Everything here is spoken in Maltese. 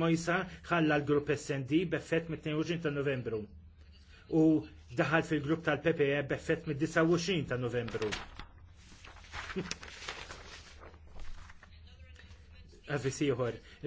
Mojsa ħalla l-grupp SND beffett mit-22 ta' novembru. U daħal fil-grupp tal-PPE beffett mit-29 ta' novembru. Avvisi uħor.